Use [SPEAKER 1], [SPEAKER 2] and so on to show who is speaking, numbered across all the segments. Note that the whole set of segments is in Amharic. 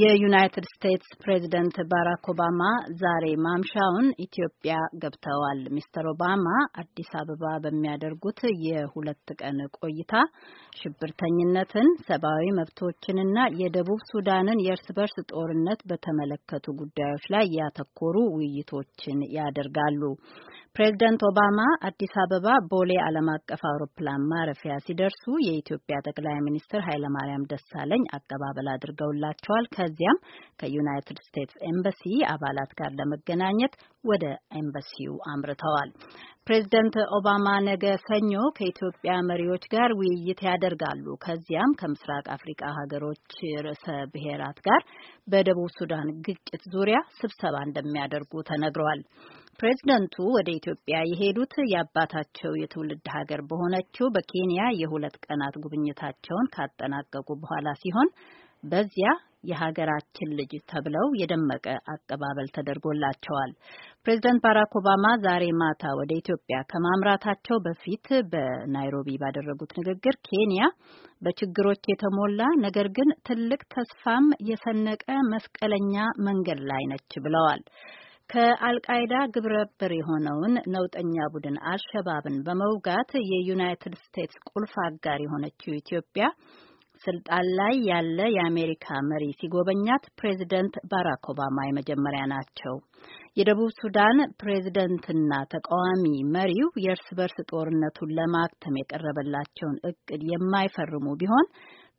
[SPEAKER 1] የዩናይትድ ስቴትስ ፕሬዚደንት ባራክ ኦባማ ዛሬ ማምሻውን ኢትዮጵያ ገብተዋል። ሚስተር ኦባማ አዲስ አበባ በሚያደርጉት የሁለት ቀን ቆይታ ሽብርተኝነትን፣ ሰብአዊ መብቶችንና የደቡብ ሱዳንን የእርስ በርስ ጦርነት በተመለከቱ ጉዳዮች ላይ ያተኮሩ ውይይቶችን ያደርጋሉ። ፕሬዝደንት ኦባማ አዲስ አበባ ቦሌ ዓለም አቀፍ አውሮፕላን ማረፊያ ሲደርሱ የኢትዮጵያ ጠቅላይ ሚኒስትር ኃይለማርያም ደሳለኝ አቀባበል አድርገውላቸዋል። ከዚያም ከዩናይትድ ስቴትስ ኤምባሲ አባላት ጋር ለመገናኘት ወደ ኤምባሲው አምርተዋል። ፕሬዝደንት ኦባማ ነገ ሰኞ ከኢትዮጵያ መሪዎች ጋር ውይይት ያደርጋሉ። ከዚያም ከምስራቅ አፍሪካ ሀገሮች ርዕሰ ብሔራት ጋር በደቡብ ሱዳን ግጭት ዙሪያ ስብሰባ እንደሚያደርጉ ተነግሯል። ፕሬዝደንቱ ወደ ኢትዮጵያ የሄዱት የአባታቸው የትውልድ ሀገር በሆነችው በኬንያ የሁለት ቀናት ጉብኝታቸውን ካጠናቀቁ በኋላ ሲሆን በዚያ የሀገራችን ልጅ ተብለው የደመቀ አቀባበል ተደርጎላቸዋል። ፕሬዚደንት ባራክ ኦባማ ዛሬ ማታ ወደ ኢትዮጵያ ከማምራታቸው በፊት በናይሮቢ ባደረጉት ንግግር ኬንያ በችግሮች የተሞላ ነገር ግን ትልቅ ተስፋም የሰነቀ መስቀለኛ መንገድ ላይ ነች ብለዋል። ከአልቃይዳ ግብረብር የሆነውን ነውጠኛ ቡድን አልሸባብን በመውጋት የዩናይትድ ስቴትስ ቁልፍ አጋር የሆነችው ኢትዮጵያ ስልጣን ላይ ያለ የአሜሪካ መሪ ሲጎበኛት ፕሬዚደንት ባራክ ኦባማ የመጀመሪያ ናቸው። የደቡብ ሱዳን ፕሬዝደንትና ተቃዋሚ መሪው የእርስ በርስ ጦርነቱን ለማክተም የቀረበላቸውን እቅድ የማይፈርሙ ቢሆን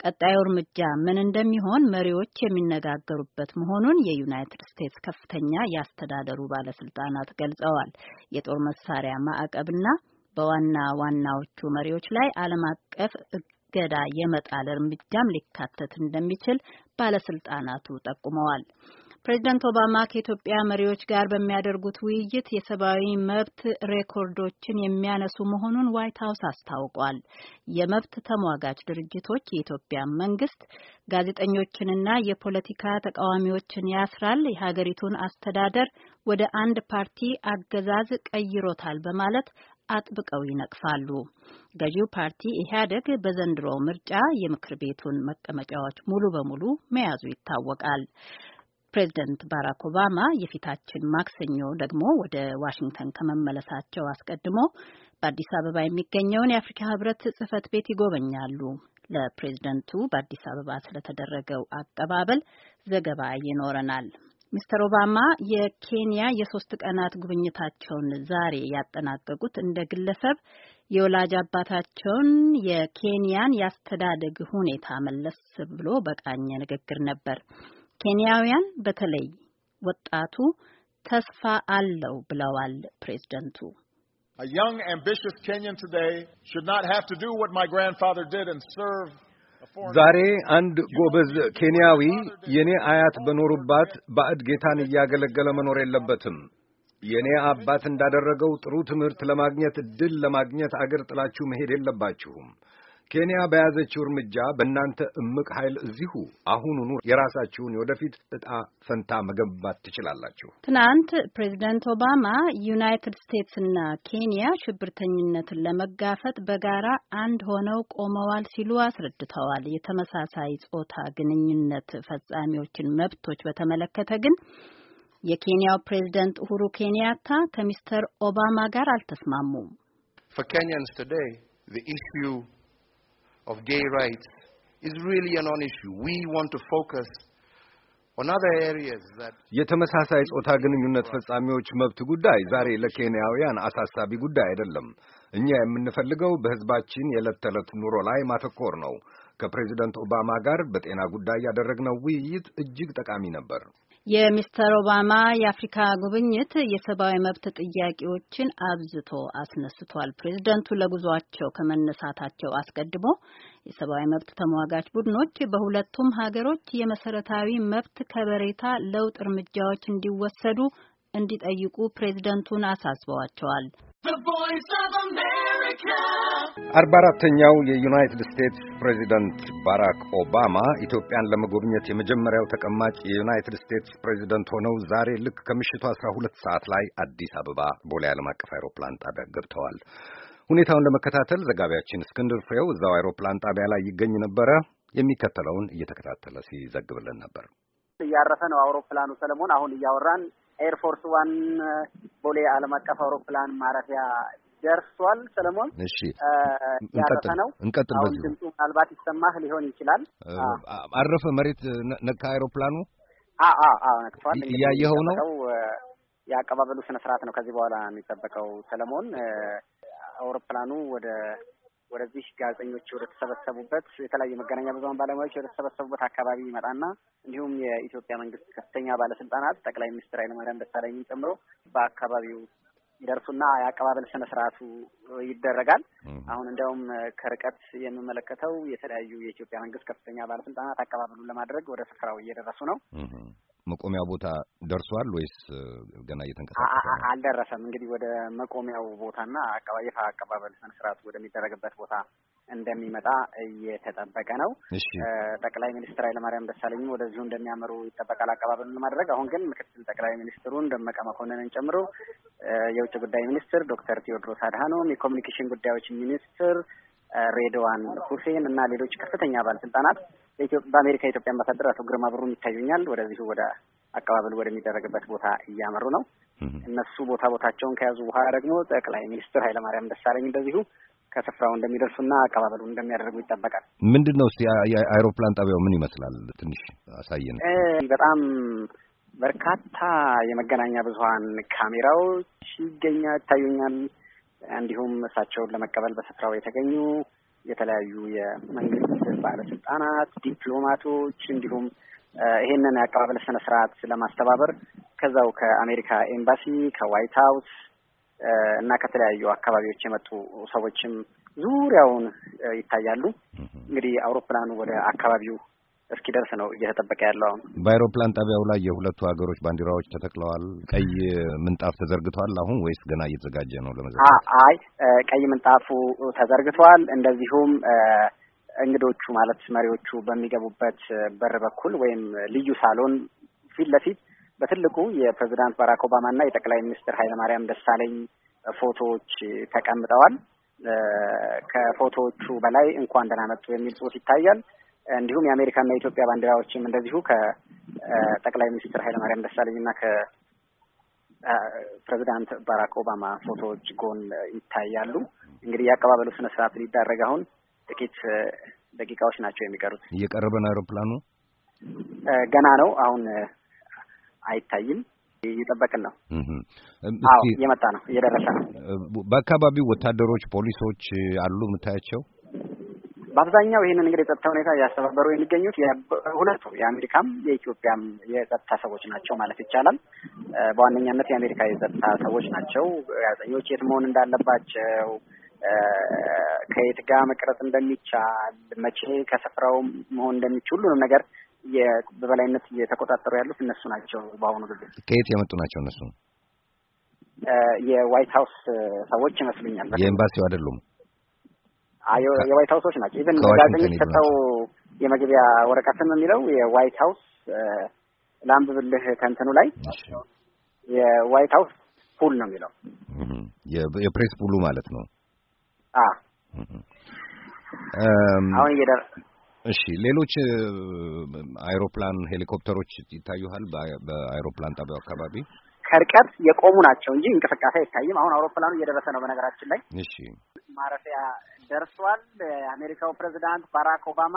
[SPEAKER 1] ቀጣዩ እርምጃ ምን እንደሚሆን መሪዎች የሚነጋገሩበት መሆኑን የዩናይትድ ስቴትስ ከፍተኛ የአስተዳደሩ ባለስልጣናት ገልጸዋል። የጦር መሳሪያ ማዕቀብና በዋና ዋናዎቹ መሪዎች ላይ ዓለም አቀፍ እገዳ የመጣል እርምጃም ሊካተት እንደሚችል ባለስልጣናቱ ጠቁመዋል። ፕሬዚደንት ኦባማ ከኢትዮጵያ መሪዎች ጋር በሚያደርጉት ውይይት የሰብአዊ መብት ሬኮርዶችን የሚያነሱ መሆኑን ዋይት ሀውስ አስታውቋል። የመብት ተሟጋች ድርጅቶች የኢትዮጵያ መንግስት ጋዜጠኞችንና የፖለቲካ ተቃዋሚዎችን ያስራል፣ የሀገሪቱን አስተዳደር ወደ አንድ ፓርቲ አገዛዝ ቀይሮታል በማለት አጥብቀው ይነቅፋሉ። ገዢው ፓርቲ ኢህአደግ በዘንድሮ ምርጫ የምክር ቤቱን መቀመጫዎች ሙሉ በሙሉ መያዙ ይታወቃል። ፕሬዚደንት ባራክ ኦባማ የፊታችን ማክሰኞ ደግሞ ወደ ዋሽንግተን ከመመለሳቸው አስቀድሞ በአዲስ አበባ የሚገኘውን የአፍሪካ ህብረት ጽህፈት ቤት ይጎበኛሉ። ለፕሬዝደንቱ በአዲስ አበባ ስለተደረገው አቀባበል ዘገባ ይኖረናል። ሚስተር ኦባማ የኬንያ የሶስት ቀናት ጉብኝታቸውን ዛሬ ያጠናቀቁት እንደ ግለሰብ የወላጅ አባታቸውን የኬንያን የአስተዳደግ ሁኔታ መለስ ብሎ በቃኘ ንግግር ነበር። ኬንያውያን በተለይ ወጣቱ ተስፋ አለው ብለዋል ፕሬዝደንቱ።
[SPEAKER 2] A young, ambitious Kenyan today should not have to do what my grandfather did and serve ዛሬ አንድ ጎበዝ ኬንያዊ የኔ አያት በኖሩባት ባዕድ ጌታን እያገለገለ መኖር የለበትም። የኔ አባት እንዳደረገው ጥሩ ትምህርት ለማግኘት እድል ለማግኘት አገር ጥላችሁ መሄድ የለባችሁም። ኬንያ በያዘችው እርምጃ በእናንተ እምቅ ኃይል እዚሁ አሁኑኑ የራሳችሁን የወደፊት እጣ ፈንታ መገንባት ትችላላችሁ።
[SPEAKER 1] ትናንት ፕሬዚደንት ኦባማ ዩናይትድ ስቴትስና ኬንያ ሽብርተኝነትን ለመጋፈጥ በጋራ አንድ ሆነው ቆመዋል ሲሉ አስረድተዋል። የተመሳሳይ ጾታ ግንኙነት ፈጻሚዎችን መብቶች በተመለከተ ግን የኬንያው ፕሬዝደንት ኡሁሩ ኬንያታ ከሚስተር ኦባማ ጋር አልተስማሙም። of gay rights is really a non-issue. We want to focus
[SPEAKER 2] የተመሳሳይ ጾታ ግንኙነት ፈጻሚዎች መብት ጉዳይ ዛሬ ለኬንያውያን አሳሳቢ ጉዳይ አይደለም። እኛ የምንፈልገው በሕዝባችን የዕለት ተዕለት ኑሮ ላይ ማተኮር ነው። ከፕሬዚደንት ኦባማ ጋር በጤና ጉዳይ ያደረግነው ውይይት እጅግ ጠቃሚ ነበር።
[SPEAKER 1] የሚስተር ኦባማ የአፍሪካ ጉብኝት የሰብአዊ መብት ጥያቄዎችን አብዝቶ አስነስቷል። ፕሬዚደንቱ ለጉዟቸው ከመነሳታቸው አስቀድሞ የሰብአዊ መብት ተሟጋች ቡድኖች በሁለቱም ሀገሮች የመሰረታዊ መብት ከበሬታ ለውጥ እርምጃዎች እንዲወሰዱ እንዲጠይቁ ፕሬዝደንቱን አሳስበዋቸዋል። አርባ
[SPEAKER 2] አራተኛው የዩናይትድ ስቴትስ ፕሬዚደንት ባራክ ኦባማ ኢትዮጵያን ለመጎብኘት የመጀመሪያው ተቀማጭ የዩናይትድ ስቴትስ ፕሬዚደንት ሆነው ዛሬ ልክ ከምሽቱ አስራ ሁለት ሰዓት ላይ አዲስ አበባ ቦሌ ዓለም አቀፍ አይሮፕላን ጣቢያ ገብተዋል። ሁኔታውን ለመከታተል ዘጋቢያችን እስክንድር ፍሬው እዛው አይሮፕላን ጣቢያ ላይ ይገኝ ነበረ። የሚከተለውን እየተከታተለ ሲዘግብልን ነበር።
[SPEAKER 3] እያረፈ ነው አውሮፕላኑ ሰለሞን። አሁን እያወራን ኤርፎርስ ዋን ቦሌ ዓለም አቀፍ አውሮፕላን ማረፊያ ደርሷል። ሰለሞን እሺ፣ ያረፈ ነው።
[SPEAKER 2] እንቀጥል። በዚህ ድምፁ
[SPEAKER 3] ምናልባት ይሰማህ ሊሆን ይችላል።
[SPEAKER 2] አረፈ፣ መሬት ነካ አይሮፕላኑ።
[SPEAKER 3] ነክቷል። እያየኸው ነው። የአቀባበሉ ስነ ስርዓት ነው ከዚህ በኋላ የሚጠበቀው ሰለሞን። አውሮፕላኑ ወደ ወደዚህ ጋዜጠኞች ወደተሰበሰቡበት የተለያዩ መገናኛ ብዙኃን ባለሙያዎች ወደተሰበሰቡበት አካባቢ ይመጣና እንዲሁም የኢትዮጵያ መንግስት ከፍተኛ ባለስልጣናት ጠቅላይ ሚኒስትር ኃይለማርያም ደሳለኝን ጨምሮ በአካባቢው ይደርሱና የአቀባበል ስነ ስርዓቱ ይደረጋል። አሁን እንዲያውም ከርቀት የምመለከተው የተለያዩ የኢትዮጵያ መንግስት ከፍተኛ ባለስልጣናት አቀባበሉን ለማድረግ ወደ ስፍራው እየደረሱ ነው።
[SPEAKER 2] መቆሚያ ቦታ ደርሷል ወይስ ገና እየተንቀሳቀሰ
[SPEAKER 3] አልደረሰም? እንግዲህ ወደ መቆሚያው ቦታና ይፋ አቀባበል ስነ ወደሚደረግበት ቦታ እንደሚመጣ እየተጠበቀ ነው። ጠቅላይ ሚኒስትር ኃይለማርያም ደሳለኝም ወደዚሁ እንደሚያመሩ ይጠበቃል አቀባበሉን ለማድረግ አሁን ግን ምክትል ጠቅላይ ሚኒስትሩን ደመቀ መኮንንን ጨምሮ የውጭ ጉዳይ ሚኒስትር ዶክተር ቴዎድሮስ አድሃኖም፣ የኮሚኒኬሽን ጉዳዮች ሚኒስትር ሬድዋን ሁሴን እና ሌሎች ከፍተኛ ባለስልጣናት በአሜሪካ የኢትዮጵያ አምባሳደር አቶ ግርማ ብሩም ይታዩኛል። ወደዚሁ ወደ አቀባበል ወደሚደረግበት ቦታ እያመሩ ነው። እነሱ ቦታ ቦታቸውን ከያዙ በኋላ ደግሞ ጠቅላይ ሚኒስትር ኃይለማርያም ደሳለኝ እንደዚሁ ከስፍራው እንደሚደርሱና አቀባበሉን እንደሚያደርጉ ይጠበቃል።
[SPEAKER 2] ምንድን ነው እስቲ የአይሮፕላን ጣቢያው ምን ይመስላል? ትንሽ አሳየን።
[SPEAKER 3] በጣም በርካታ የመገናኛ ብዙኃን ካሜራዎች ይገኛ ይታዩኛል። እንዲሁም እሳቸውን ለመቀበል በስፍራው የተገኙ የተለያዩ የመንግስት ባለስልጣናት፣ ዲፕሎማቶች እንዲሁም ይሄንን የአቀባበል ስነ ስርዓት ለማስተባበር ከዛው ከአሜሪካ ኤምባሲ ከዋይት ሀውስ እና ከተለያዩ አካባቢዎች የመጡ ሰዎችም ዙሪያውን ይታያሉ። እንግዲህ አውሮፕላኑ ወደ አካባቢው እስኪደርስ ነው እየተጠበቀ ያለው። አሁን
[SPEAKER 2] በአይሮፕላን ጣቢያው ላይ የሁለቱ ሀገሮች ባንዲራዎች ተተክለዋል። ቀይ ምንጣፍ ተዘርግቷል አሁን ወይስ ገና እየተዘጋጀ ነው ለመዘጋ?
[SPEAKER 3] አይ ቀይ ምንጣፉ ተዘርግቷል። እንደዚሁም እንግዶቹ ማለት መሪዎቹ በሚገቡበት በር በኩል ወይም ልዩ ሳሎን ፊት ለፊት በትልቁ የፕሬዚዳንት ባራክ ኦባማ እና የጠቅላይ ሚኒስትር ኃይለማርያም ደሳለኝ ፎቶዎች ተቀምጠዋል። ከፎቶዎቹ በላይ እንኳን ደህና መጡ የሚል ጽሑፍ ይታያል። እንዲሁም የአሜሪካና የኢትዮጵያ ባንዲራዎችም እንደዚሁ ከጠቅላይ ሚኒስትር ኃይለማርያም እና ከፕሬዚዳንት ባራክ ኦባማ ፎቶዎች ጎን ይታያሉ። እንግዲህ የአቀባበሉ ስነ ስርዓት ሊዳረግ አሁን ጥቂት ደቂቃዎች ናቸው የሚቀሩት። እየቀረበ ነው ገና ነው። አሁን አይታይም። እየጠበቅን ነው። አዎ እየመጣ ነው፣ እየደረሰ ነው።
[SPEAKER 2] በአካባቢው ወታደሮች፣ ፖሊሶች አሉ የምታያቸው?
[SPEAKER 3] በአብዛኛው ይህንን እንግዲህ የጸጥታ ሁኔታ እያስተባበሩ የሚገኙት ሁለቱ የአሜሪካም የኢትዮጵያም የጸጥታ ሰዎች ናቸው ማለት ይቻላል። በዋነኛነት የአሜሪካ የጸጥታ ሰዎች ናቸው። ጋዜጠኞች የት መሆን እንዳለባቸው ከየት ጋር መቅረጽ እንደሚቻል መቼ ከስፍራው መሆን እንደሚችል ሁሉንም ነገር በበላይነት እየተቆጣጠሩ ያሉት እነሱ ናቸው። በአሁኑ ጊዜ
[SPEAKER 2] ከየት የመጡ ናቸው? እነሱ
[SPEAKER 3] የዋይት ሀውስ ሰዎች ይመስሉኛል።
[SPEAKER 2] የኤምባሲው አይደሉም።
[SPEAKER 3] የዋይት ሀውሶች ናቸው። ኢቨን ጋዜጠኞች ሰጠው የመግቢያ ወረቀትም የሚለው የዋይት ሀውስ ለአንብብልህ ከእንትኑ ላይ የዋይት ሀውስ ፑል ነው የሚለው
[SPEAKER 2] የፕሬስ ፑሉ ማለት ነው። አሁን እየደረ እሺ፣ ሌሎች አይሮፕላን፣ ሄሊኮፕተሮች ይታዩሃል በአይሮፕላን ጣቢያው አካባቢ
[SPEAKER 3] ከርቀት የቆሙ ናቸው እንጂ እንቅስቃሴ አይታይም። አሁን አውሮፕላኑ እየደረሰ ነው። በነገራችን ላይ እሺ፣ ማረፊያ ደርሷል። የአሜሪካው ፕሬዚዳንት ባራክ ኦባማ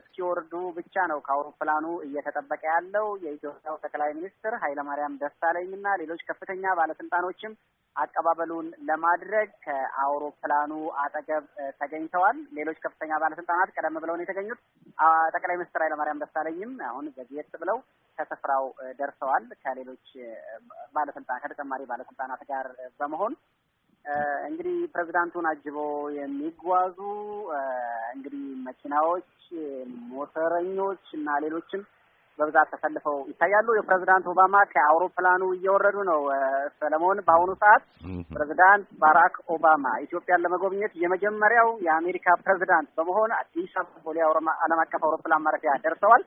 [SPEAKER 3] እስኪወርዱ ብቻ ነው ከአውሮፕላኑ እየተጠበቀ ያለው። የኢትዮጵያው ጠቅላይ ሚኒስትር ኃይለማርያም እና ሌሎች ከፍተኛ ባለስልጣኖችም አቀባበሉን ለማድረግ ከአውሮፕላኑ አጠገብ ተገኝተዋል። ሌሎች ከፍተኛ ባለስልጣናት ቀደም ብለው ነው የተገኙት። ጠቅላይ ሚኒስትር ኃይለማርያም ደሳለኝም አሁን ዘግየት ብለው ከስፍራው ደርሰዋል። ከሌሎች ባለስልጣን ከተጨማሪ ባለስልጣናት ጋር በመሆን እንግዲህ ፕሬዚዳንቱን አጅበው የሚጓዙ እንግዲህ መኪናዎች፣ ሞተረኞች እና ሌሎችም በብዛት ተሰልፈው ይታያሉ። የፕሬዚዳንት ኦባማ ከአውሮፕላኑ እየወረዱ ነው። ሰለሞን፣ በአሁኑ ሰዓት ፕሬዚዳንት ባራክ ኦባማ ኢትዮጵያን ለመጎብኘት የመጀመሪያው የአሜሪካ ፕሬዚዳንት በመሆን አዲስ አበባ ቦሌ ዓለም አቀፍ አውሮፕላን ማረፊያ ደርሰዋል።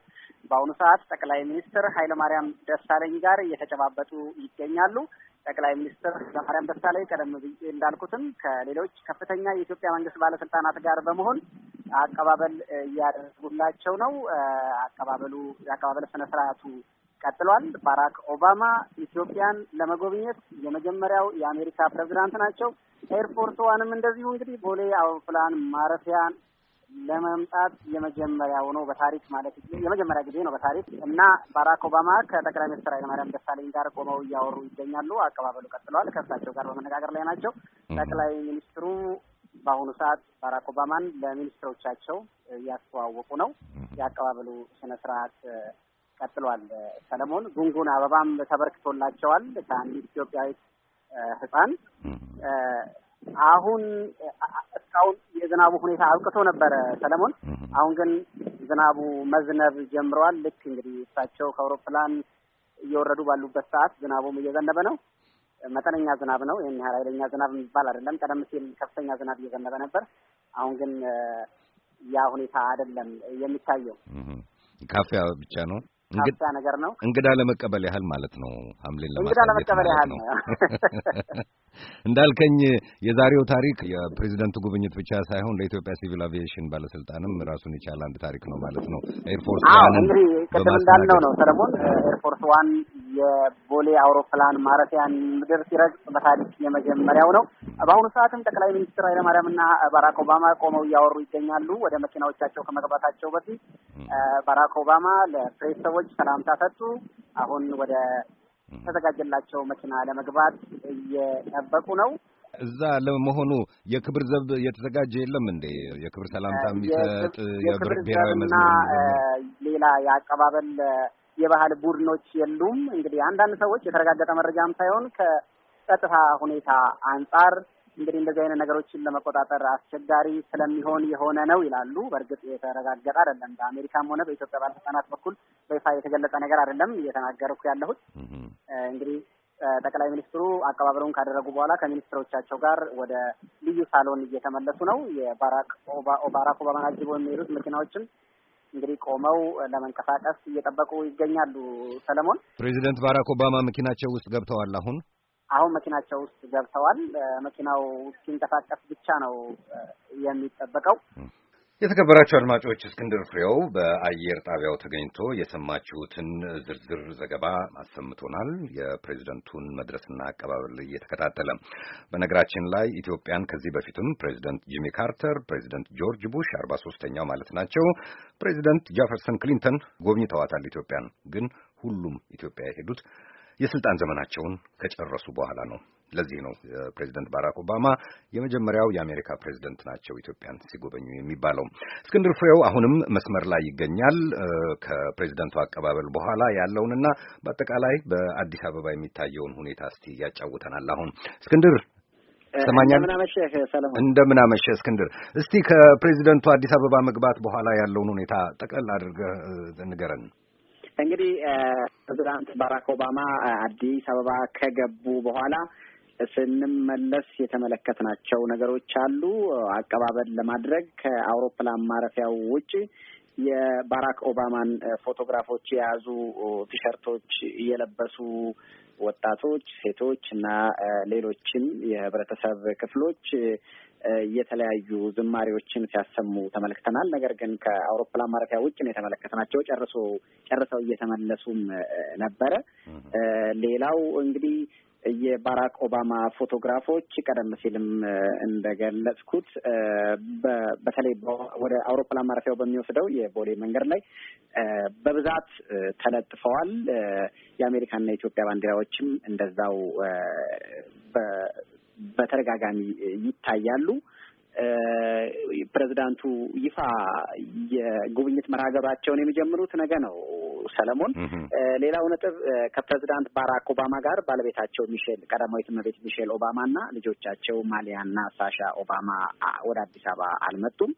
[SPEAKER 3] በአሁኑ ሰዓት ጠቅላይ ሚኒስትር ኃይለማርያም ደሳለኝ ጋር እየተጨባበጡ ይገኛሉ። ጠቅላይ ሚኒስትር ኃይለማርያም ደሳለኝ ቀደም ብዬ እንዳልኩትም ከሌሎች ከፍተኛ የኢትዮጵያ መንግስት ባለስልጣናት ጋር በመሆን አቀባበል እያደረጉላቸው ነው። አቀባበሉ የአቀባበል ስነ ስርዓቱ ቀጥሏል። ባራክ ኦባማ ኢትዮጵያን ለመጎብኘት የመጀመሪያው የአሜሪካ ፕሬዚዳንት ናቸው። ኤርፖርትዋንም እንደዚሁ እንግዲህ ቦሌ አውሮፕላን ማረፊያን ለመምጣት የመጀመሪያው ነው በታሪክ ማለት የመጀመሪያ ጊዜ ነው በታሪክ እና ባራክ ኦባማ ከጠቅላይ ሚኒስትር ኃይለማርያም ደሳለኝ ጋር ቆመው እያወሩ ይገኛሉ። አቀባበሉ ቀጥለዋል። ከእሳቸው ጋር በመነጋገር ላይ ናቸው። ጠቅላይ ሚኒስትሩ በአሁኑ ሰዓት ባራክ ኦባማን ለሚኒስትሮቻቸው እያስተዋወቁ ነው። የአቀባበሉ ስነ ስርዓት ቀጥሏል። ሰለሞን ጉንጉን አበባም ተበርክቶላቸዋል ከአንዲት ኢትዮጵያዊት ህፃን አሁን እስካሁን የዝናቡ ሁኔታ አብቅቶ ነበረ ሰለሞን። አሁን ግን ዝናቡ መዝነብ ጀምረዋል። ልክ እንግዲህ እሳቸው ከአውሮፕላን እየወረዱ ባሉበት ሰዓት ዝናቡም እየዘነበ ነው። መጠነኛ ዝናብ ነው። ይህን ያህል ኃይለኛ ዝናብ የሚባል አይደለም። ቀደም ሲል ከፍተኛ ዝናብ እየዘነበ ነበር። አሁን ግን ያ ሁኔታ አይደለም የሚታየው።
[SPEAKER 2] ካፊያ ብቻ ነው ሀብታ ነገር ነው። እንግዳ ለመቀበል ያህል ማለት ነው። ሐምሌን እንግዳ ለመቀበል ያህል ነው። እንዳልከኝ የዛሬው ታሪክ የፕሬዚደንቱ ጉብኝት ብቻ ሳይሆን ለኢትዮጵያ ሲቪል አቪዬሽን ባለስልጣንም ራሱን የቻለ አንድ ታሪክ ነው ማለት ነው። ኤርፎርስ ዋን እንግዲህ ቅድም እንዳልነው ነው
[SPEAKER 3] ሰለሞን ኤርፎርስ ዋን የቦሌ አውሮፕላን ማረፊያን ምድር ሲረግጥ በታሪክ የመጀመሪያው ነው። በአሁኑ ሰዓትም ጠቅላይ ሚኒስትር ኃይለማርያምና ባራክ ኦባማ ቆመው እያወሩ ይገኛሉ። ወደ መኪናዎቻቸው ከመግባታቸው በፊት ባራክ ኦባማ ለፕሬስ ሰዎች ሰላምታ ሰጡ። አሁን ወደ ተዘጋጀላቸው መኪና ለመግባት እየጠበቁ ነው።
[SPEAKER 2] እዛ ለመሆኑ የክብር ዘብ የተዘጋጀ የለም እንዴ? የክብር ሰላምታ የሚሰጥ ብሔራዊ መዝሙር
[SPEAKER 3] ሌላ የአቀባበል የባህል ቡድኖች የሉም። እንግዲህ አንዳንድ ሰዎች የተረጋገጠ መረጃም ሳይሆን ከጸጥታ ሁኔታ አንጻር እንግዲህ እንደዚህ አይነት ነገሮችን ለመቆጣጠር አስቸጋሪ ስለሚሆን የሆነ ነው ይላሉ። በእርግጥ የተረጋገጠ አይደለም። በአሜሪካም ሆነ በኢትዮጵያ ባለስልጣናት በኩል በይፋ የተገለጸ ነገር አይደለም እየተናገርኩ ያለሁት። እንግዲህ ጠቅላይ ሚኒስትሩ አቀባበሉን ካደረጉ በኋላ ከሚኒስትሮቻቸው ጋር ወደ ልዩ ሳሎን እየተመለሱ ነው። የባራክ ኦባራክ ኦባማን አጅበው የሚሄዱት መኪናዎችም እንግዲህ ቆመው ለመንቀሳቀስ እየጠበቁ ይገኛሉ። ሰለሞን፣
[SPEAKER 2] ፕሬዚደንት ባራክ ኦባማ መኪናቸው ውስጥ ገብተዋል። አሁን
[SPEAKER 3] አሁን መኪናቸው ውስጥ ገብተዋል። መኪናው ሲንቀሳቀስ ብቻ ነው የሚጠበቀው።
[SPEAKER 2] የተከበራቸው አድማጮች እስክንድር ፍሬው በአየር ጣቢያው ተገኝቶ የሰማችሁትን ዝርዝር ዘገባ አሰምቶናል። የፕሬዚደንቱን መድረስና አቀባበል እየተከታተለ በነገራችን ላይ ኢትዮጵያን ከዚህ በፊትም ፕሬዚደንት ጂሚ ካርተር፣ ፕሬዚደንት ጆርጅ ቡሽ አርባ ሶስተኛው ማለት ናቸው፣ ፕሬዚደንት ጃፈርሰን ክሊንተን ጎብኝተዋታል ኢትዮጵያን። ግን ሁሉም ኢትዮጵያ የሄዱት የስልጣን ዘመናቸውን ከጨረሱ በኋላ ነው። ለዚህ ነው ፕሬዚደንት ባራክ ኦባማ የመጀመሪያው የአሜሪካ ፕሬዚደንት ናቸው ኢትዮጵያን ሲጎበኙ የሚባለው። እስክንድር ፍሬው አሁንም መስመር ላይ ይገኛል። ከፕሬዚደንቱ አቀባበል በኋላ ያለውንና በአጠቃላይ በአዲስ አበባ የሚታየውን ሁኔታ እስቲ ያጫውተናል። አሁን እስክንድር ሰማኛል። እንደምን አመሸህ እስክንድር። እስቲ ከፕሬዚደንቱ አዲስ አበባ መግባት በኋላ ያለውን ሁኔታ ጠቀል አድርገህ ንገረን።
[SPEAKER 3] እንግዲህ ፕሬዚዳንት ባራክ ኦባማ አዲስ አበባ ከገቡ በኋላ ስንመለስ የተመለከትናቸው ነገሮች አሉ። አቀባበል ለማድረግ ከአውሮፕላን ማረፊያው ውጭ የባራክ ኦባማን ፎቶግራፎች የያዙ ቲሸርቶች የለበሱ ወጣቶች፣ ሴቶች እና ሌሎችም የህብረተሰብ ክፍሎች የተለያዩ ዝማሬዎችን ሲያሰሙ ተመልክተናል። ነገር ግን ከአውሮፕላን ማረፊያ ውጭ ነው የተመለከትናቸው። ጨርሶ ጨርሰው እየተመለሱም ነበረ። ሌላው እንግዲህ የባራክ ኦባማ ፎቶግራፎች ቀደም ሲልም እንደገለጽኩት በተለይ ወደ አውሮፕላን ማረፊያው በሚወስደው የቦሌ መንገድ ላይ በብዛት ተለጥፈዋል። የአሜሪካና የኢትዮጵያ ባንዲራዎችም እንደዛው በተደጋጋሚ ይታያሉ። ፕሬዚዳንቱ ይፋ የጉብኝት መርሃገባቸውን የሚጀምሩት ነገ ነው። ሰለሞን፣ hm. ሌላው ነጥብ ከፕሬዚዳንት ባራክ ኦባማ ጋር ባለቤታቸው ሚሼል ቀዳማዊት እመቤት ሚሼል ኦባማ እና ልጆቻቸው ማሊያ እና ሳሻ ኦባማ ወደ አዲስ አበባ አልመጡም።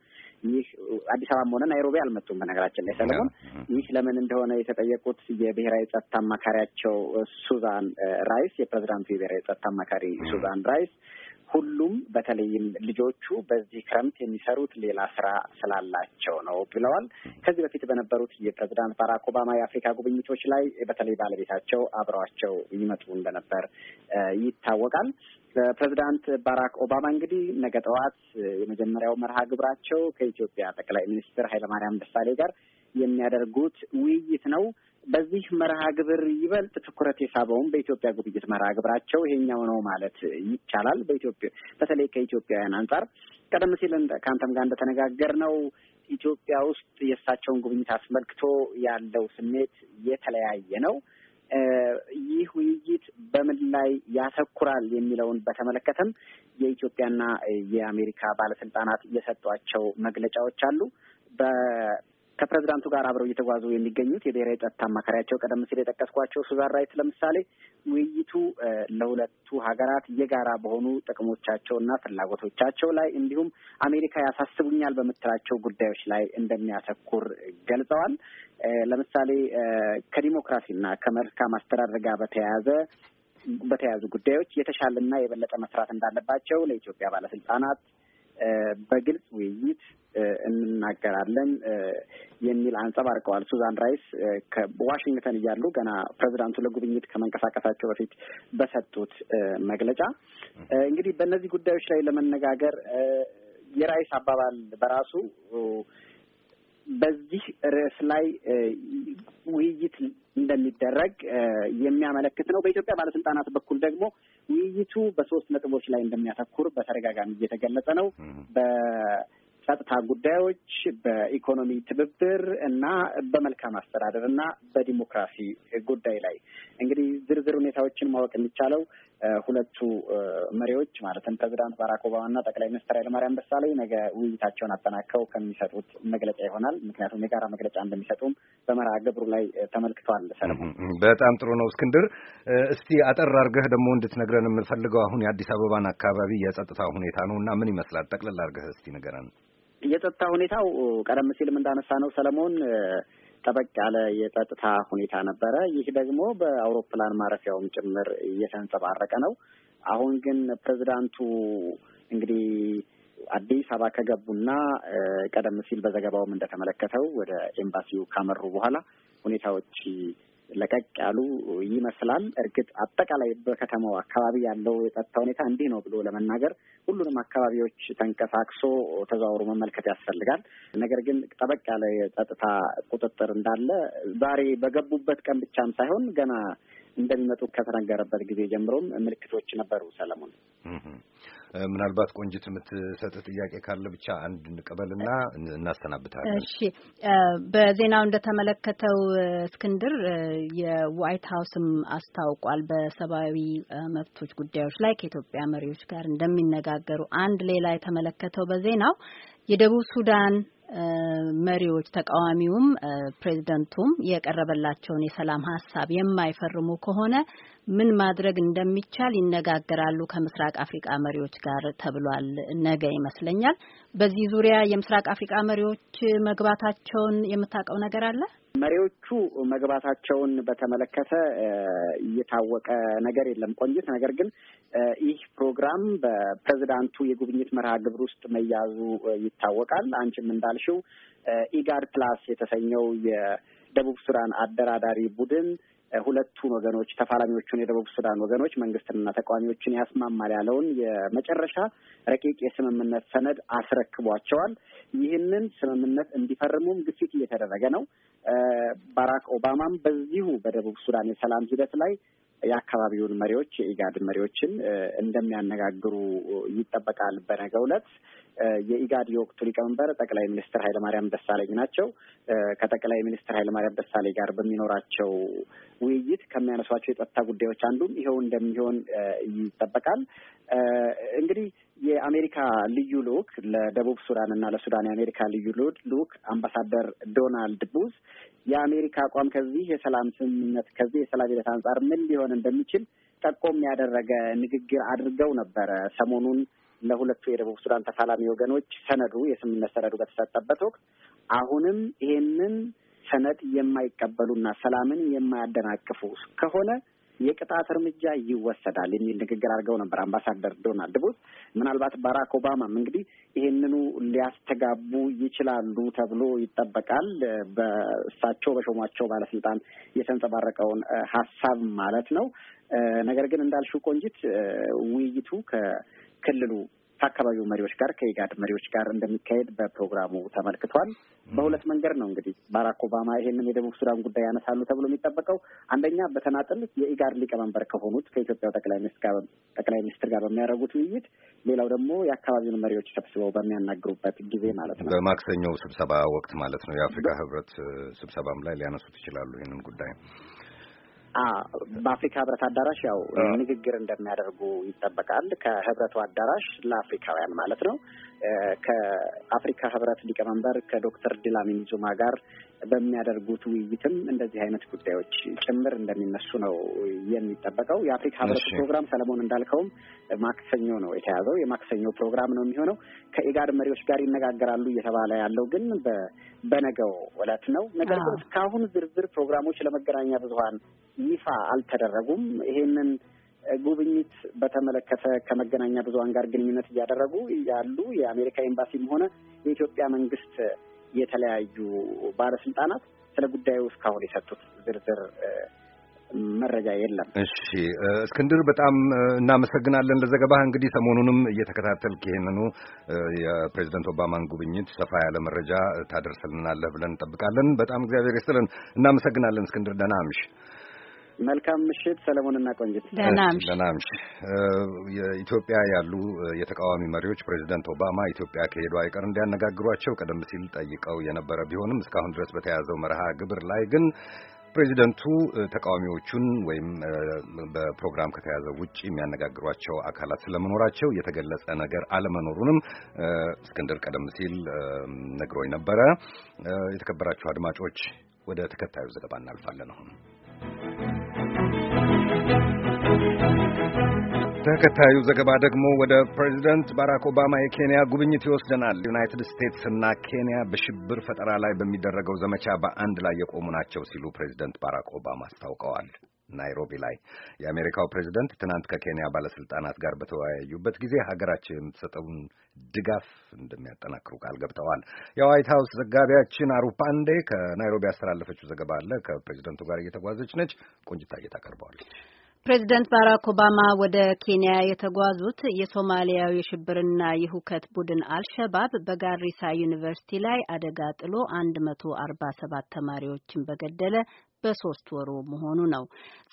[SPEAKER 3] ይህ አዲስ አበባም ሆነ ናይሮቢ አልመጡም። በነገራችን ላይ ሰለሞን፣ ይህ ለምን እንደሆነ የተጠየቁት የብሔራዊ ጸጥታ አማካሪያቸው ሱዛን ራይስ፣ የፕሬዚዳንቱ የብሔራዊ ጸጥታ አማካሪ ሱዛን ራይስ ሁሉም በተለይም ልጆቹ በዚህ ክረምት የሚሰሩት ሌላ ስራ ስላላቸው ነው ብለዋል። ከዚህ በፊት በነበሩት የፕሬዚዳንት ባራክ ኦባማ የአፍሪካ ጉብኝቶች ላይ በተለይ ባለቤታቸው አብረዋቸው ይመጡ እንደነበር ይታወቃል። ለፕሬዚዳንት ባራክ ኦባማ እንግዲህ ነገ ጠዋት የመጀመሪያው መርሃ ግብራቸው ከኢትዮጵያ ጠቅላይ ሚኒስትር ኃይለማርያም ደሳሌ ጋር የሚያደርጉት ውይይት ነው። በዚህ መርሃ ግብር ይበልጥ ትኩረት የሳበውም በኢትዮጵያ ጉብኝት መርሃ ግብራቸው ይሄኛው ነው ማለት ይቻላል። በኢትዮጵያ በተለይ ከኢትዮጵያውያን አንጻር ቀደም ሲል ከአንተም ጋር እንደተነጋገር ነው ኢትዮጵያ ውስጥ የእሳቸውን ጉብኝት አስመልክቶ ያለው ስሜት የተለያየ ነው። ይህ ውይይት በምን ላይ ያተኩራል የሚለውን በተመለከተም የኢትዮጵያና የአሜሪካ ባለስልጣናት የሰጧቸው መግለጫዎች አሉ። ከፕሬዚዳንቱ ጋር አብረው እየተጓዙ የሚገኙት የብሔራዊ ጸጥታ አማካሪያቸው ቀደም ሲል የጠቀስኳቸው ሱዛን ራይት ለምሳሌ ውይይቱ ለሁለቱ ሀገራት የጋራ በሆኑ ጥቅሞቻቸው ና ፍላጎቶቻቸው ላይ እንዲሁም አሜሪካ ያሳስቡኛል በምትላቸው ጉዳዮች ላይ እንደሚያተኩር ገልጸዋል። ለምሳሌ ከዲሞክራሲና ከመልካም አስተዳደር ጋር በተያያዘ በተያያዙ ጉዳዮች የተሻለና የበለጠ መስራት እንዳለባቸው ለኢትዮጵያ ባለስልጣናት በግልጽ ውይይት እንናገራለን የሚል አንጸባርቀዋል። ሱዛን ራይስ ዋሽንግተን እያሉ ገና ፕሬዚዳንቱ ለጉብኝት ከመንቀሳቀሳቸው በፊት በሰጡት መግለጫ እንግዲህ በእነዚህ ጉዳዮች ላይ ለመነጋገር የራይስ አባባል በራሱ በዚህ ርዕስ ላይ ውይይት እንደሚደረግ የሚያመለክት ነው። በኢትዮጵያ ባለስልጣናት በኩል ደግሞ ውይይቱ በሶስት ነጥቦች ላይ እንደሚያተኩር በተደጋጋሚ እየተገለጸ ነው። በጸጥታ ጉዳዮች፣ በኢኮኖሚ ትብብር እና በመልካም አስተዳደር እና በዲሞክራሲ ጉዳይ ላይ እንግዲህ ዝርዝር ሁኔታዎችን ማወቅ የሚቻለው ሁለቱ መሪዎች ማለትም ፕሬዚዳንት ባራክ ኦባማ እና ጠቅላይ ሚኒስትር ኃይለማርያም ደሳለኝ ነገ ውይይታቸውን አጠናከው ከሚሰጡት መግለጫ ይሆናል። ምክንያቱም የጋራ መግለጫ እንደሚሰጡም በመርሃ ግብሩ ላይ ተመልክቷል።
[SPEAKER 2] ሰለሞን፣ በጣም ጥሩ ነው። እስክንድር፣ እስቲ አጠር አርገህ ደግሞ እንድትነግረን የምንፈልገው አሁን የአዲስ አበባን አካባቢ የጸጥታ ሁኔታ ነው እና ምን ይመስላል? ጠቅልል አርገህ እስቲ ንገረን።
[SPEAKER 3] የጸጥታ ሁኔታው ቀደም ሲልም እንዳነሳ ነው ሰለሞን ጠበቅ ያለ የጸጥታ ሁኔታ ነበረ። ይህ ደግሞ በአውሮፕላን ማረፊያውም ጭምር እየተንጸባረቀ ነው። አሁን ግን ፕሬዚዳንቱ እንግዲህ አዲስ አበባ ከገቡና ቀደም ሲል በዘገባውም እንደተመለከተው ወደ ኤምባሲው ካመሩ በኋላ ሁኔታዎች ለቀቅ ያሉ ይመስላል። እርግጥ አጠቃላይ በከተማው አካባቢ ያለው የጸጥታ ሁኔታ እንዲህ ነው ብሎ ለመናገር ሁሉንም አካባቢዎች ተንቀሳቅሶ ተዘዋውሮ መመልከት ያስፈልጋል። ነገር ግን ጠበቅ ያለ የጸጥታ ቁጥጥር እንዳለ ዛሬ በገቡበት ቀን ብቻም ሳይሆን ገና እንደሚመጡ ከተነገረበት ጊዜ ጀምሮም ምልክቶች ነበሩ። ሰለሞን፣
[SPEAKER 2] ምናልባት ቆንጅት የምትሰጥ ጥያቄ ካለ ብቻ አንድ እንቀበልና እናሰናብታለን። እሺ፣
[SPEAKER 1] በዜናው እንደተመለከተው እስክንድር የዋይት ሀውስም አስታውቋል በሰብአዊ መብቶች ጉዳዮች ላይ ከኢትዮጵያ መሪዎች ጋር እንደሚነጋገሩ። አንድ ሌላ የተመለከተው በዜናው የደቡብ ሱዳን መሪዎች ተቃዋሚውም ፕሬዝደንቱም የቀረበላቸውን የሰላም ሀሳብ የማይፈርሙ ከሆነ ምን ማድረግ እንደሚቻል ይነጋገራሉ ከምስራቅ አፍሪቃ መሪዎች ጋር ተብሏል። ነገ ይመስለኛል። በዚህ ዙሪያ የምስራቅ አፍሪቃ መሪዎች መግባታቸውን የምታውቀው ነገር አለ?
[SPEAKER 3] መሪዎቹ መግባታቸውን በተመለከተ የታወቀ ነገር የለም ቆንጅት። ነገር ግን ይህ ፕሮግራም በፕሬዚዳንቱ የጉብኝት መርሃ ግብር ውስጥ መያዙ ይታወቃል። አንቺም እንዳልሽው ኢጋድ ፕላስ የተሰኘው የደቡብ ሱዳን አደራዳሪ ቡድን ሁለቱን ወገኖች ተፋላሚዎቹን የደቡብ ሱዳን ወገኖች መንግስትንና ተቃዋሚዎችን ያስማማል ያለውን የመጨረሻ ረቂቅ የስምምነት ሰነድ አስረክቧቸዋል። ይህንን ስምምነት እንዲፈርሙም ግፊት እየተደረገ ነው። ባራክ ኦባማም በዚሁ በደቡብ ሱዳን የሰላም ሂደት ላይ የአካባቢውን መሪዎች የኢጋድ መሪዎችን እንደሚያነጋግሩ ይጠበቃል። በነገ ዕለት የኢጋድ የወቅቱ ሊቀመንበር ጠቅላይ ሚኒስትር ኃይለማርያም ደሳለኝ ናቸው። ከጠቅላይ ሚኒስትር ኃይለማርያም ደሳለኝ ጋር በሚኖራቸው ውይይት ከሚያነሷቸው የጸጥታ ጉዳዮች አንዱም ይኸው እንደሚሆን ይጠበቃል። እንግዲህ የአሜሪካ ልዩ ልኡክ ለደቡብ ሱዳን እና ለሱዳን የአሜሪካ ልዩ ልኡክ አምባሳደር ዶናልድ ቡዝ የአሜሪካ አቋም ከዚህ የሰላም ስምምነት ከዚህ የሰላም ሂደት አንጻር ምን ሊሆን እንደሚችል ጠቆም ያደረገ ንግግር አድርገው ነበረ ሰሞኑን ለሁለቱ የደቡብ ሱዳን ተፋላሚ ወገኖች ሰነዱ የስምምነት ሰነዱ በተሰጠበት ወቅት አሁንም ይሄንን ሰነድ የማይቀበሉና ሰላምን የማያደናቅፉ ከሆነ የቅጣት እርምጃ ይወሰዳል የሚል ንግግር አድርገው ነበር አምባሳደር ዶናልድ ቡስ። ምናልባት ባራክ ኦባማም እንግዲህ ይህንኑ ሊያስተጋቡ ይችላሉ ተብሎ ይጠበቃል። በእሳቸው በሾሟቸው ባለስልጣን የተንጸባረቀውን ሀሳብ ማለት ነው። ነገር ግን እንዳልሽው ቆንጂት ውይይቱ ከክልሉ ከአካባቢው መሪዎች ጋር ከኢጋድ መሪዎች ጋር እንደሚካሄድ በፕሮግራሙ ተመልክቷል። በሁለት መንገድ ነው እንግዲህ ባራክ ኦባማ ይሄንን የደቡብ ሱዳን ጉዳይ ያነሳሉ ተብሎ የሚጠበቀው አንደኛ በተናጥል የኢጋድ ሊቀመንበር ከሆኑት ከኢትዮጵያው ጠቅላይ ሚኒስትር ጋር በሚያደርጉት ውይይት፣ ሌላው ደግሞ የአካባቢውን መሪዎች ሰብስበው በሚያናግሩበት ጊዜ ማለት ነው።
[SPEAKER 2] በማክሰኞው ስብሰባ ወቅት ማለት ነው። የአፍሪካ ህብረት ስብሰባም ላይ ሊያነሱት ይችላሉ ይህንን ጉዳይ
[SPEAKER 3] በአፍሪካ ህብረት አዳራሽ ያው ንግግር እንደሚያደርጉ ይጠበቃል። ከህብረቱ አዳራሽ ለአፍሪካውያን ማለት ነው። ከአፍሪካ ህብረት ሊቀመንበር ከዶክተር ድላሚን ዙማ ጋር በሚያደርጉት ውይይትም እንደዚህ አይነት ጉዳዮች ጭምር እንደሚነሱ ነው የሚጠበቀው። የአፍሪካ ህብረት ፕሮግራም ሰለሞን እንዳልከውም ማክሰኞ ነው የተያዘው። የማክሰኞ ፕሮግራም ነው የሚሆነው። ከኢጋድ መሪዎች ጋር ይነጋገራሉ እየተባለ ያለው ግን በነገው እለት ነው። ነገር ግን እስካሁን ዝርዝር ፕሮግራሞች ለመገናኛ ብዙሀን ይፋ አልተደረጉም። ይሄንን ጉብኝት በተመለከተ ከመገናኛ ብዙሀን ጋር ግንኙነት እያደረጉ ያሉ የአሜሪካ ኤምባሲም ሆነ የኢትዮጵያ መንግስት የተለያዩ ባለስልጣናት ስለ ጉዳዩ እስካሁን የሰጡት ዝርዝር መረጃ የለም።
[SPEAKER 2] እሺ እስክንድር በጣም እናመሰግናለን ለዘገባህ። እንግዲህ ሰሞኑንም እየተከታተልክ ይህንኑ የፕሬዚደንት ኦባማን ጉብኝት ሰፋ ያለ መረጃ ታደርስልናለህ ብለን እንጠብቃለን። በጣም እግዚአብሔር ይስጥልን። እናመሰግናለን እስክንድር። ደህና አምሽ።
[SPEAKER 3] መልካም ምሽት ሰለሞንና ቆንጅት። ደህና
[SPEAKER 2] ምሽት። የኢትዮጵያ ያሉ የተቃዋሚ መሪዎች ፕሬዚደንት ኦባማ ኢትዮጵያ ከሄዱ አይቀር እንዲያነጋግሯቸው ቀደም ሲል ጠይቀው የነበረ ቢሆንም እስካሁን ድረስ በተያዘው መርሃ ግብር ላይ ግን ፕሬዚደንቱ ተቃዋሚዎቹን ወይም በፕሮግራም ከተያዘ ውጭ የሚያነጋግሯቸው አካላት ስለመኖራቸው የተገለጸ ነገር አለመኖሩንም እስክንድር ቀደም ሲል ነግሮኝ ነበረ። የተከበራችሁ አድማጮች ወደ ተከታዩ ዘገባ እናልፋለን አሁን ተከታዩ ዘገባ ደግሞ ወደ ፕሬዚደንት ባራክ ኦባማ የኬንያ ጉብኝት ይወስደናል። ዩናይትድ ስቴትስ እና ኬንያ በሽብር ፈጠራ ላይ በሚደረገው ዘመቻ በአንድ ላይ የቆሙ ናቸው ሲሉ ፕሬዚደንት ባራክ ኦባማ አስታውቀዋል። ናይሮቢ ላይ የአሜሪካው ፕሬዚደንት ትናንት ከኬንያ ባለስልጣናት ጋር በተወያዩበት ጊዜ ሀገራቸው የምትሰጠውን ድጋፍ እንደሚያጠናክሩ ቃል ገብተዋል። የዋይት ሀውስ ዘጋቢያችን አሩፓንዴ ከናይሮቢ ያስተላለፈችው ዘገባ አለ። ከፕሬዚደንቱ ጋር እየተጓዘች ነች። ቆንጅታ እየታቀርበዋለች።
[SPEAKER 1] ፕሬዚደንት ባራክ ኦባማ ወደ ኬንያ የተጓዙት የሶማሊያው የሽብርና የሁከት ቡድን አልሸባብ በጋሪሳ ዩኒቨርሲቲ ላይ አደጋ ጥሎ 147 ተማሪዎችን በገደለ በሶስት ወሩ መሆኑ ነው።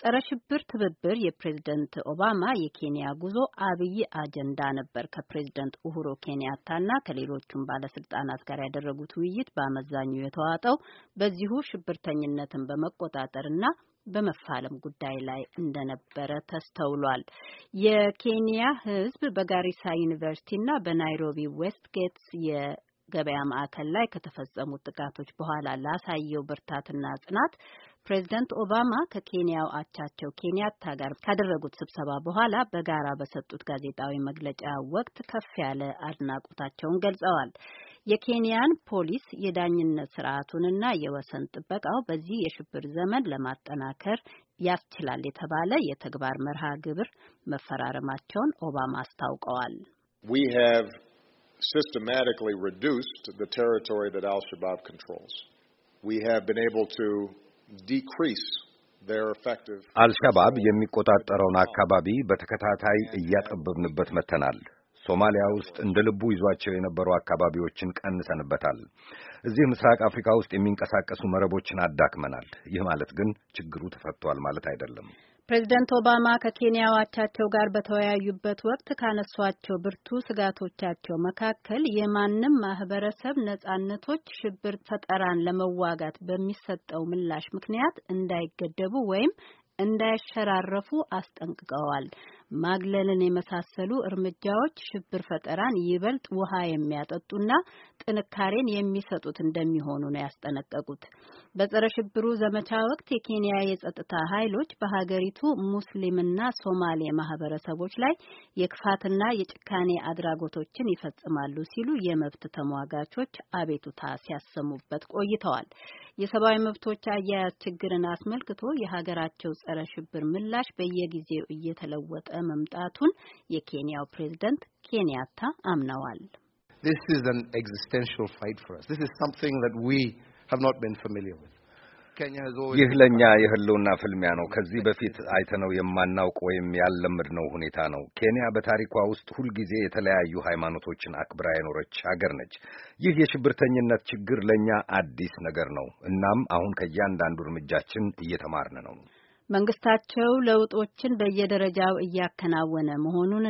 [SPEAKER 1] ጸረ ሽብር ትብብር የፕሬዝደንት ኦባማ የኬንያ ጉዞ አብይ አጀንዳ ነበር። ከፕሬዝደንት ኡሁሩ ኬንያታና ከሌሎቹም ባለስልጣናት ጋር ያደረጉት ውይይት በአመዛኙ የተዋጠው በዚሁ ሽብርተኝነትን በመቆጣጠርና በመፋለም ጉዳይ ላይ እንደነበረ ተስተውሏል። የኬንያ ሕዝብ በጋሪሳ ዩኒቨርሲቲና በናይሮቢ ዌስት ጌትስ የገበያ ማዕከል ላይ ከተፈጸሙት ጥቃቶች በኋላ ላሳየው ብርታትና ጽናት ፕሬዚደንት ኦባማ ከኬንያው አቻቸው ኬንያታ ጋር ካደረጉት ስብሰባ በኋላ በጋራ በሰጡት ጋዜጣዊ መግለጫ ወቅት ከፍ ያለ አድናቆታቸውን ገልጸዋል። የኬንያን ፖሊስ የዳኝነት ስርዓቱንና የወሰን ጥበቃው በዚህ የሽብር ዘመን ለማጠናከር ያስችላል የተባለ የተግባር መርሃ ግብር መፈራረማቸውን ኦባማ አስታውቀዋል።
[SPEAKER 2] We have systematically reduced the territory that al-Shabaab controls. We have been able to decrease አልሸባብ የሚቆጣጠረውን አካባቢ በተከታታይ እያጠበብንበት መጥተናል። ሶማሊያ ውስጥ እንደ ልቡ ይዟቸው የነበሩ አካባቢዎችን ቀንሰንበታል። እዚህ ምስራቅ አፍሪካ ውስጥ የሚንቀሳቀሱ መረቦችን አዳክመናል። ይህ ማለት ግን ችግሩ ተፈቷል ማለት አይደለም።
[SPEAKER 1] ፕሬዚደንት ኦባማ ከኬንያ አቻቸው ጋር በተወያዩበት ወቅት ካነሷቸው ብርቱ ስጋቶቻቸው መካከል የማንም ማህበረሰብ ነጻነቶች ሽብር ፈጠራን ለመዋጋት በሚሰጠው ምላሽ ምክንያት እንዳይገደቡ ወይም እንዳይሸራረፉ አስጠንቅቀዋል። ማግለልን የመሳሰሉ እርምጃዎች ሽብር ፈጠራን ይበልጥ ውሃ የሚያጠጡና ጥንካሬን የሚሰጡት እንደሚሆኑ ነው ያስጠነቀቁት። በጸረ ሽብሩ ዘመቻ ወቅት የኬንያ የጸጥታ ኃይሎች በሀገሪቱ ሙስሊምና ሶማሌ ማህበረሰቦች ላይ የክፋትና የጭካኔ አድራጎቶችን ይፈጽማሉ ሲሉ የመብት ተሟጋቾች አቤቱታ ሲያሰሙበት ቆይተዋል። የሰብአዊ መብቶች አያያዝ ችግርን አስመልክቶ የሀገራቸው ጸረ ሽብር ምላሽ በየጊዜው እየተለወጠ እየተለወጠ መምጣቱን የኬንያው ፕሬዝደንት ኬንያታ አምነዋል።
[SPEAKER 2] This is an existential fight for us. This is something that we have not been familiar with. ይህ ለእኛ የህልውና ፍልሚያ ነው። ከዚህ በፊት አይተነው የማናውቅ ወይም ያልለመድነው ሁኔታ ነው። ኬንያ በታሪኳ ውስጥ ሁልጊዜ የተለያዩ ሃይማኖቶችን አክብራ የኖረች ሀገር ነች። ይህ የሽብርተኝነት ችግር ለእኛ አዲስ ነገር ነው። እናም አሁን ከእያንዳንዱ እርምጃችን እየተማርን ነው።
[SPEAKER 1] መንግስታቸው ለውጦችን በየደረጃው እያከናወነ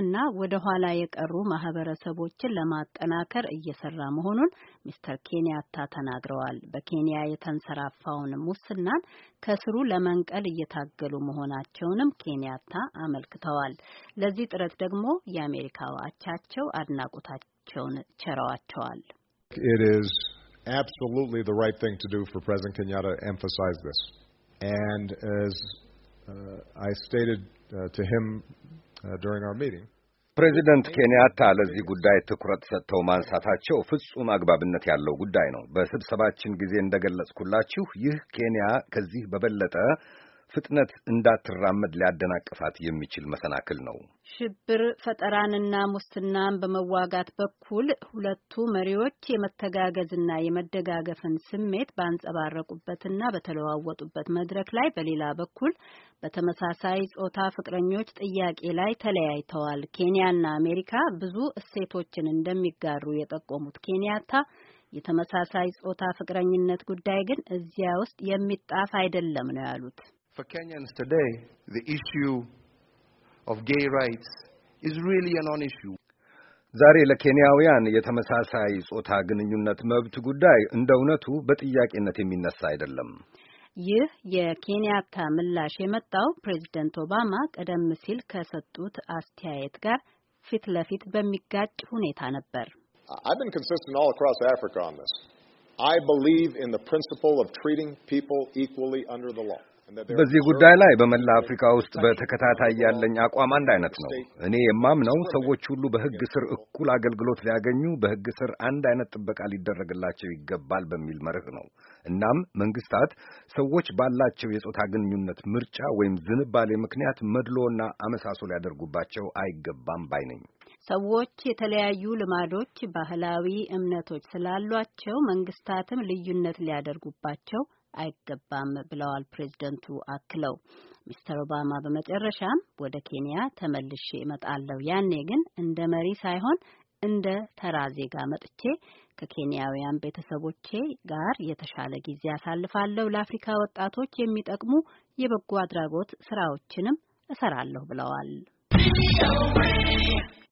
[SPEAKER 1] እና ወደ ኋላ የቀሩ ማህበረሰቦችን ለማጠናከር እየሰራ መሆኑን ሚስተር ኬንያታ ተናግረዋል። በኬንያ የተንሰራፋውን ሙስናን ከስሩ ለመንቀል እየታገሉ መሆናቸውንም ኬንያታ አመልክተዋል። ለዚህ ጥረት ደግሞ የአሜሪካው አቻቸው አድናቆታቸውን ቸረዋቸዋል።
[SPEAKER 2] absolutely the right thing to do for President Kenyatta to emphasize this. And as Uh, uh, uh, ፕሬዚደንት ኬንያታ ለዚህ ጉዳይ ትኩረት ሰጥተው ማንሳታቸው ፍጹም አግባብነት ያለው ጉዳይ ነው። በስብሰባችን ጊዜ እንደገለጽኩላችሁ ይህ ኬንያ ከዚህ በበለጠ ፍጥነት እንዳትራመድ ሊያደናቅፋት የሚችል መሰናክል ነው።
[SPEAKER 1] ሽብር ፈጠራንና ሙስናን በመዋጋት በኩል ሁለቱ መሪዎች የመተጋገዝና የመደጋገፍን ስሜት ባንጸባረቁበትና በተለዋወጡበት መድረክ ላይ በሌላ በኩል በተመሳሳይ ጾታ ፍቅረኞች ጥያቄ ላይ ተለያይተዋል። ኬንያና አሜሪካ ብዙ እሴቶችን እንደሚጋሩ የጠቆሙት ኬንያታ የተመሳሳይ ጾታ ፍቅረኝነት ጉዳይ ግን እዚያ ውስጥ የሚጣፍ አይደለም ነው ያሉት። For
[SPEAKER 2] Kenyans today, the issue of gay rights is really a non-issue. ዛሬ ለኬንያውያን የተመሳሳይ ጾታ ግንኙነት መብት ጉዳይ እንደ እውነቱ በጥያቄነት የሚነሳ አይደለም።
[SPEAKER 1] ይህ የኬንያታ ምላሽ የመጣው ፕሬዚደንት ኦባማ ቀደም ሲል ከሰጡት አስተያየት ጋር ፊት ለፊት በሚጋጭ ሁኔታ ነበር።
[SPEAKER 2] I've been consistent all across Africa on this. I believe in the principle of treating people equally under the law. በዚህ ጉዳይ ላይ በመላ አፍሪካ ውስጥ በተከታታይ ያለኝ አቋም አንድ አይነት ነው። እኔ የማምነው ሰዎች ሁሉ በሕግ ስር እኩል አገልግሎት ሊያገኙ በሕግ ስር አንድ አይነት ጥበቃ ሊደረግላቸው ይገባል በሚል መርህ ነው። እናም መንግስታት ሰዎች ባላቸው የጾታ ግንኙነት ምርጫ ወይም ዝንባሌ ምክንያት መድሎና አመሳሶ ሊያደርጉባቸው አይገባም ባይ ነኝ።
[SPEAKER 1] ሰዎች የተለያዩ ልማዶች፣ ባህላዊ እምነቶች ስላሏቸው መንግስታትም ልዩነት ሊያደርጉባቸው አይገባም ብለዋል ፕሬዝደንቱ አክለው። ሚስተር ኦባማ በመጨረሻም ወደ ኬንያ ተመልሼ እመጣለሁ፣ ያኔ ግን እንደ መሪ ሳይሆን እንደ ተራ ዜጋ መጥቼ ከኬንያውያን ቤተሰቦቼ ጋር የተሻለ ጊዜ አሳልፋለሁ፣ ለአፍሪካ ወጣቶች የሚጠቅሙ የበጎ አድራጎት ስራዎችንም እሰራለሁ ብለዋል።